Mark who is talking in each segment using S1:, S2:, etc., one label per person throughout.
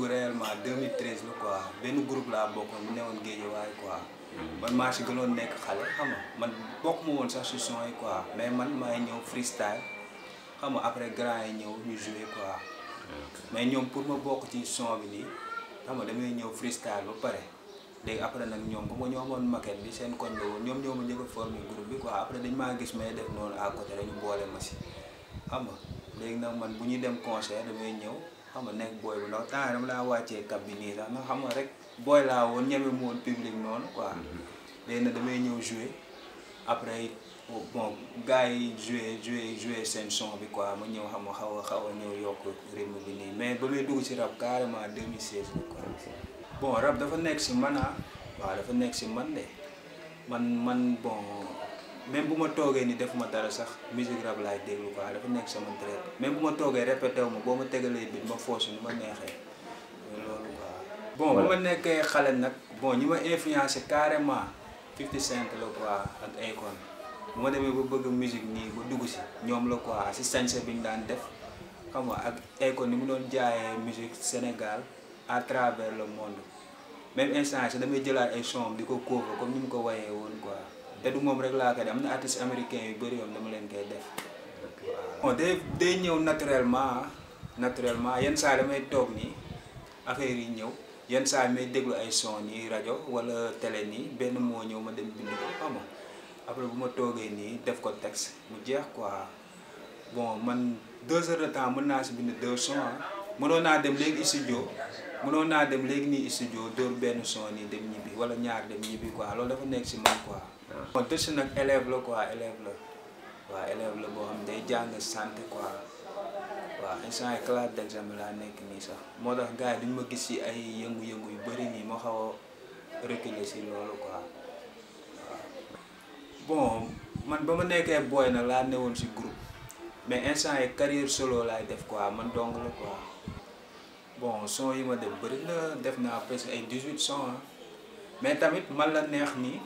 S1: dugg réellement 2013 la quoi benn groupe laa bokkoon bu newoon Guédiawaye quoi man maa si gënoon nekk xale xam man bokk ma woon sax si son yi quoi mais man maay ñëw freestyle xam nga après grand yi ñëw ñu joué mais ñoom pour ma bokk ci son bi nii xam nga ñëw freestyle ba pare léegi après nag ñoom bu ma ñoo amoon maquette bi seen koñ ñoom ñoo ma njëkk a formé groupe bi quoi après dañ maa gis may def noonu à côté dañu boole ma si xam nga léegi nag man bu ñuy dem concert damay ñëw xam nga nekk booy bu ndaw temps yii dama laa wàccee kab bi nii sax ndax xam nga rek booy laa woon ñeme mu woon public noonu quoi. Mm-hmm. léegi na damay ñëw jouer après bon gars yi jouer jouer jouer seen son bi quoi ma ñëw xam nga xaw a xaw a ñëw yokk rythme bi nii mais ba may dugg si rap carrément 2016 bi quoi. bon rap dafa nekk si man ah waaw dafa nekk si man de man man bon. même bu ma toogee ni ma dara sax musique rap laay déglu quoi dafa nekk sama traite même bu ma toogee répété wu ma boo ma tegalee bi ma foosu ni ma neexee loolu quoi. bon bu ma nekkee xale nag bon ñi ma influencé carrément 50 cinq la quoi ak Akon demee ba bëgg musique nii ba dugg si ñoom la quoi si sañse bi ñu daan def xam nga ak Akon ni mu doon jaayee musique Sénégal à travers le monde même instant si damay jëlaat ay son di ko couvre comme ni mu ko wayee woon quoi. te du moom rek laa koy def am na artistes américains yu bëri yoon dama leen koy def bon day ñëw naturellement naturellement yenn saa damay toog nii affaire yi ñëw yenn saa may déglu ay son nii rajo wala télé nii benn moo ñëw ma dem bind ko xam après bu ma toogee nii def ko texte mu jeex quoi bon man deux heures de temps mën naa si bind deux son ah. mënoon naa dem léegi studio mënoon naa dem léegi nii studio dóor benn son nii dem ñibbi wala ñaar dem ñibbi quoi loolu dafa nekk si man quoi waaw Teuch nag élève la quoi élève la waaw élève la boo xam day jàng santé quoi waaw instant yi classe d'examen laa nekk nii sax moo tax gars yi duñ ma gis si ay yëngu-yëngu yu bëri nii ma xaw a si loolu quoi waaw bon man ba ma nekkee booy nag laa newoon si groupe mais instant yi carrière solo laay def quoi man dong la quoi bon son yi ma def bari na def naa presque ay 18 son mais tamit man la neex nii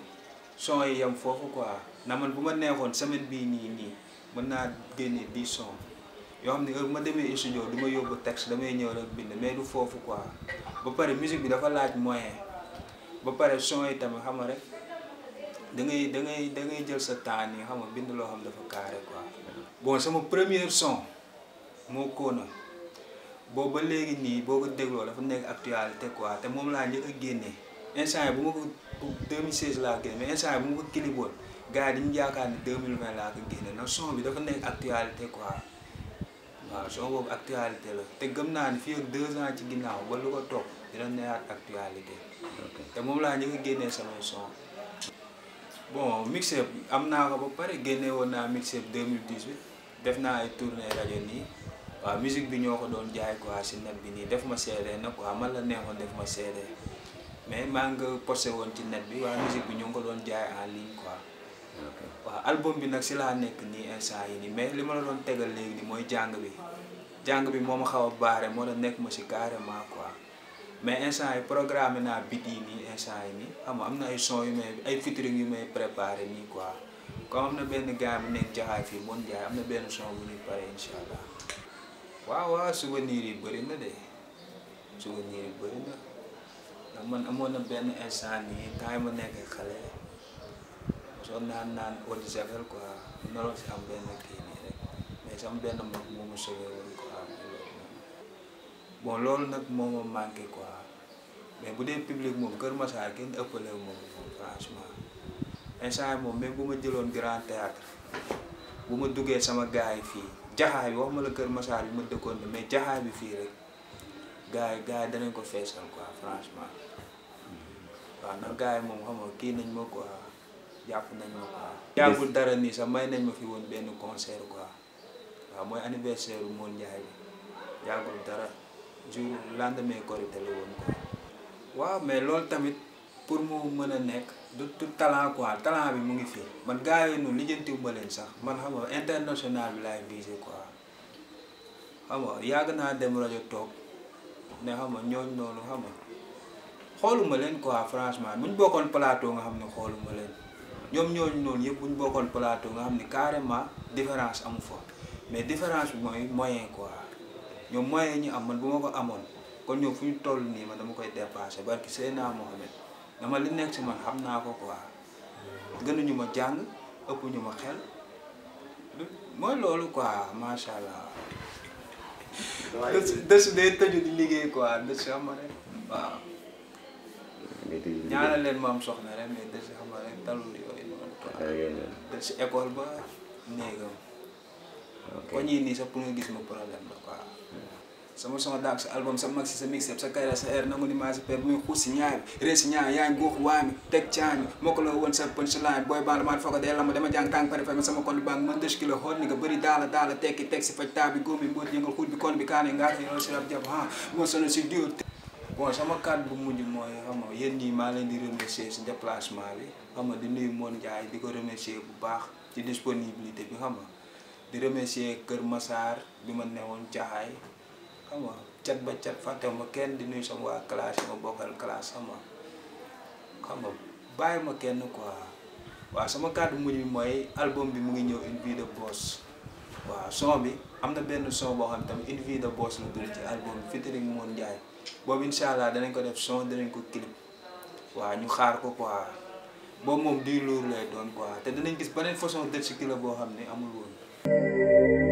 S1: son yi yam foofu quoi na man bu ma neexoon semaine bii nii nii mën naa génne dix son yoo xam ne heure ma demee studio du ma yóbbu texte damay ñëw rek bind mais du foofu quoi ba pare musique bi dafa laaj moyen ba pare son yi tamit xam nga rek dangay ngay da ngay jël sa temps nii xam nga bind loo xam dafa carré quoi. boo sama premier son moo koona boobu ba léegi nii boo ko dégloo dafa nekk actualité quoi te moom laa njëkk a génnee. instant bu ma ko 2016 laa génne mais instant bu ma ko kiliboon gars yi dañu yaakaar ne 2020 laa ko génne nag son bi dafa nekk actualité quoi waaw son boobu actualité la te gëm naa ne fii ak deux ci ginnaaw ba lu ko topp dina actualité te moom laa ñu ko génnee samay son bon mixtape am naa ko ba pare génne woon naa mixtape 2018 def naa ay tournée rajo nii waaw musique bi ñoo ko doon jaay quoi si net bi nii def ma seedee na quoi man la neexoon def ma seedee mais maa nga woon ci net bi waaye musique bi ñoo ngi ko doon jaay en ligne quoi. waaw album bi nag si laa nekk nii instant yi nii mais li ma la doon tegal léegi nii mooy jàng bi jàng bi moo ma xaw a baare moo la nekk ma si carrément quoi mais instant yi programme naa bit yi nii instant yi nii xam am na ay son yu may ay featuring yu may préparé nii quoi kon am na benn gars bu nekk jaxaay fii moon jaay am na benn son bu ñuy pare incha allah waaw waaw souvenir yi bëri de ndax man amoon na benn instant nii temps ma nekk xale soo naan naan eau de javel quoi naroon si am benn kii nii rek mais sama benn mbokk moo ma sauvé woon loolu nag moo ma manqué quoi mais bu dee public moom Kër Massar kenn ëppale moom moom franchement instant yi moom même bu ma jëloon grand théâtre bu ma duggee sama gars yi fii jaxaay bi wax ma la Kër Massar bi ma dëkkoon mais jaxaay bi fii rek. gars yi gars yi danañ ko feesal quoi franchement waa ndax gars yi moom xam kii nañ ma quoi jàpp nañ ma quoi. yàggul dara nii sax may nañ ma fi woon benn concert quoi waaw mooy anniversaire bu Mawone Ndiaye bi yàggul dara jour lendemain Korité la woon quoi. waaw mais loolu tamit pour mu mën a nekk du du talent quoi talent bi mu ngi fi man gars yooyu noonu lijjantiw ma leen sax man xam nga international bi laay visé quoi xam nga yàgg naa dem rajo toog. ne xam nga ñooñu noonu xam nga xooluma leen quoi franchement buñ bokkoon plateau nga xam ne xooluma leen ñoom ñooñu noonu yëpp ñu bokkoon plateau nga xam ne carrément différence amu fa mais différence bi mooy moyen quoi ñoom moyen ñu am man bu ma ko amoon kon ñoom fu ñu toll nii ma dama koy dépassé barki Seydina Mohamed dama li nekk si man xam naa ko quoi gënuñu ma jàng ëpp ñu ma xel mooy loolu quoi macha allah. dës day tëju di liggéey quoi dës xam nga rek waaw. ñaanal leen ma am soxna rek mais dës xam nga rek talul yooyu noonu. dës école ba néegam. ok ko ñii nii sax pour nga gis ma problème la quoi. Hmm. sama soo daak sa album sa maxi sa mixtape sa kayra sa air nangu si per muy xuus si ñaari rée si ñaar woon sa punchline booy baal maan fooko jàng tàng pare ma sama kon banque mën tëj daala tekki teg si faj taa bi góom bi mbóot yëngal xuut ah, moo sono si dur bon sama kàddu bu mujj mooy xam nga yéen maa leen di remercier si déplacement bi di nuyu Mon di ko remercier bu baax ci disponibilité bi xam nga di remercier Kër Massar bi ma newoon Jaxaay xam nga cat ba cat fàttewu ma kenn di nuyu sama waa classe ma bokkal classe xam nga xam nga bàyyi ma kenn quoi waaw sama kàddu mujj bi mooy album bi mu ngi ñëw une de boss waaw son bi am na benn son boo xam ne tamit une vie de boss la dul ci album bi featuring Mon Ndiaye boobu incha allah danañ ko def son danañ ko clip waaw ñu xaar ko quoi boobu moom di luur lay doon quoi te danañ gis beneen façon dëkk si kilo boo xam ne amul woon.